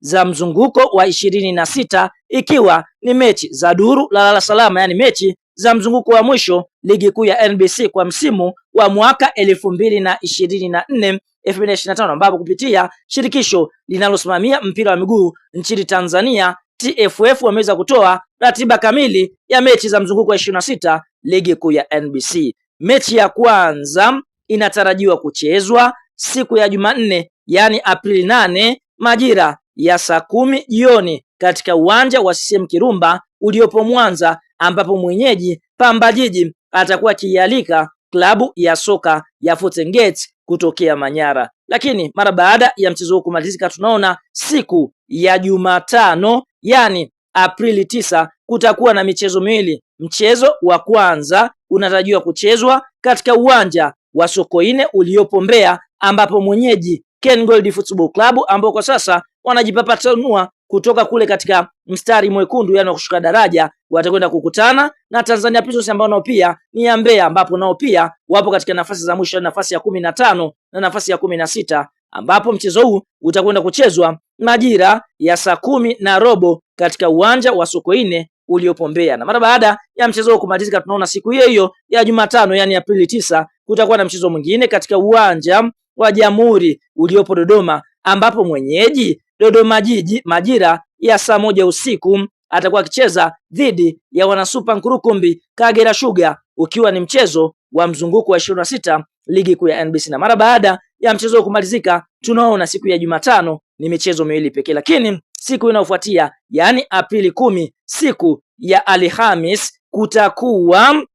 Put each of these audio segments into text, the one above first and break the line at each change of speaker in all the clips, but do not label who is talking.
za mzunguko wa ishirini na sita ikiwa ni mechi za duru la lala salama, yani mechi za mzunguko wa mwisho ligi kuu ya NBC kwa msimu wa mwaka elfu mbili na ishirini na nne elfu mbili na ishirini na tano ambapo kupitia shirikisho linalosimamia mpira wa miguu nchini Tanzania TFF wameweza kutoa ratiba kamili ya mechi za mzunguko wa ishirini na sita ligi kuu ya NBC. Mechi ya kwanza inatarajiwa kuchezwa siku ya Jumanne, yani Aprili nane majira ya saa kumi jioni katika uwanja wa CCM Kirumba uliopo Mwanza, ambapo mwenyeji Pamba Jiji atakuwa akialika klabu ya soka ya Fountain kutokea Manyara. Lakini mara baada ya mchezo huu kumalizika, tunaona siku ya Jumatano yani Aprili tisa kutakuwa na michezo miwili. Mchezo wa kwanza unatarajiwa kuchezwa katika uwanja wa Sokoine uliopo Mbeya, ambapo mwenyeji Ken Gold Football Club ambao kwa sasa wanajipapatanua kutoka kule katika mstari mwekundu, yani kushuka daraja, watakwenda kukutana na Tanzania Prisons ambao nao pia ni ya Mbeya, ambapo nao pia wapo katika nafasi za mwisho, nafasi ya kumi na tano na nafasi ya kumi na sita ambapo mchezo huu utakwenda kuchezwa majira ya saa kumi na robo katika uwanja wa Sokoine uliopo Mbeya. Na mara baada ya mchezo huu kumalizika, tunaona siku hiyo hiyo ya Jumatano, yani Aprili tisa, kutakuwa na mchezo mwingine katika uwanja wa Jamhuri uliopo Dodoma, ambapo mwenyeji Dodoma Jiji majira ya saa moja usiku atakuwa akicheza dhidi ya wanasupa Nkurukumbi Kagera Sugar, ukiwa ni mchezo wa mzunguko wa ishirini na sita ligi kuu ya NBC. Na mara baada ya mchezo kumalizika, tunaona siku ya Jumatano ni michezo miwili pekee, lakini siku inayofuatia yaani Aprili kumi, siku ya Alhamis, kutakuwa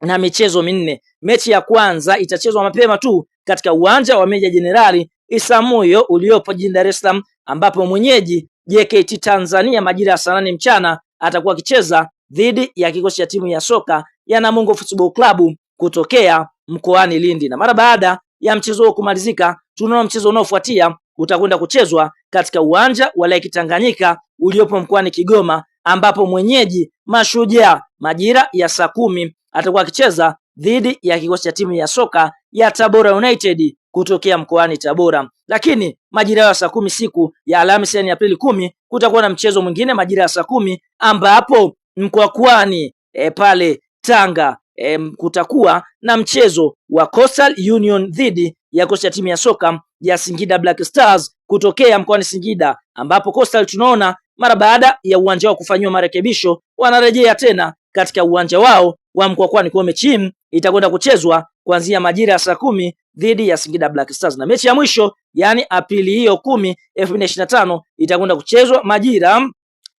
na michezo minne. Mechi ya kwanza itachezwa mapema tu katika uwanja wa Meja Jenerali Isamuyo uliopo jijini Dar es Salaam ambapo mwenyeji JKT Tanzania majira ya saa nane mchana atakuwa akicheza dhidi ya kikosi cha timu ya soka ya Namungo Football Club kutokea mkoani Lindi, na mara baada ya mchezo huo kumalizika, tunaona mchezo unaofuatia utakwenda kuchezwa katika uwanja wa Lake Tanganyika uliopo mkoani Kigoma, ambapo mwenyeji Mashujaa majira ya saa kumi atakuwa akicheza dhidi ya kikosi cha timu ya soka ya Tabora United kutokea mkoani Tabora. Lakini majira ya saa kumi siku ya Alhamisi ya yaani Aprili kumi kutakuwa na mchezo mwingine majira ya saa kumi ambapo Mkwakwani e, pale Tanga e, kutakuwa na mchezo wa Coastal Union dhidi ya kikosi cha timu ya soka ya Singida Black Stars kutokea mkoani Singida, ambapo Coastal tunaona mara baada ya uwanja wao kufanyiwa marekebisho wanarejea tena katika uwanja wao wa Mkwakwani kwa mechi itakwenda kuchezwa kuanzia majira ya saa kumi dhidi ya Singida Black Stars, na mechi ya mwisho yani Aprili hiyo kumi elfu mbili ishirini na tano itakwenda kuchezwa majira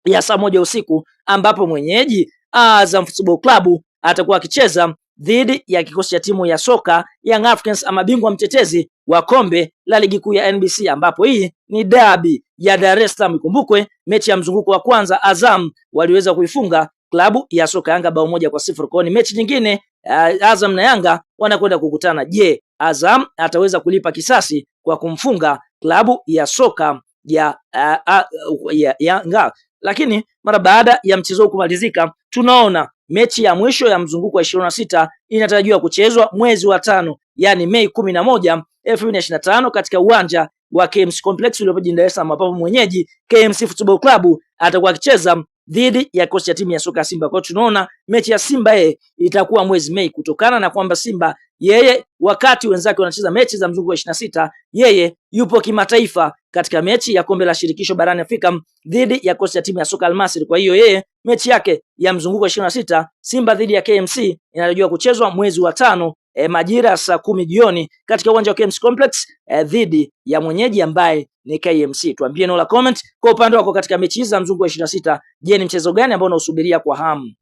ya saa moja usiku ambapo mwenyeji Azam Football Club atakuwa akicheza dhidi ya kikosi cha timu ya soka Young Africans ama bingwa mtetezi wa kombe la ligi kuu ya NBC, ambapo hii ni dabi ya Dar es Salaam. Ikumbukwe mechi ya mzunguko wa kwanza Azam waliweza kuifunga klabu ya soka Yanga bao moja kwa sifuri. Kwa ni mechi nyingine uh, Azam na Yanga wanakwenda kukutana. Je, Azam ataweza kulipa kisasi kwa kumfunga klabu ya soka ya, uh, uh, ya Lakini mara baada ya mchezo kumalizika, tunaona mechi ya mwisho ya mzunguko wa ishirini na sita inatarajiwa kuchezwa mwezi wa tano, yani Mei kumi na moja elfu mbili na ishirini na tano katika uwanja wa KMC Complex uliopo jijini Dar es Salaam, ambapo mwenyeji KMC Football Club atakuwa akicheza dhidi ya kosi ya timu ya soka ya Simba. Kwa hiyo tunaona mechi ya Simba yeye eh, itakuwa mwezi Mei kutokana na kwamba Simba yeye wakati wenzake wanacheza mechi za mzunguko wa ishirini na sita yeye yupo kimataifa katika mechi ya kombe la shirikisho barani Afrika dhidi ya kosi ya timu ya soka Almasri. Kwa hiyo yeye mechi yake ya mzunguko wa ishirini na sita Simba dhidi ya KMC inatarajiwa kuchezwa mwezi wa tano e, majira saa kumi jioni katika uwanja wa KMC Complex e, dhidi ya mwenyeji ambaye ni KMC. Tuambie no la comment kwa upande wako katika mechi za mzungu wa 26. Je, ni mchezo gani ambao unausubiria kwa hamu?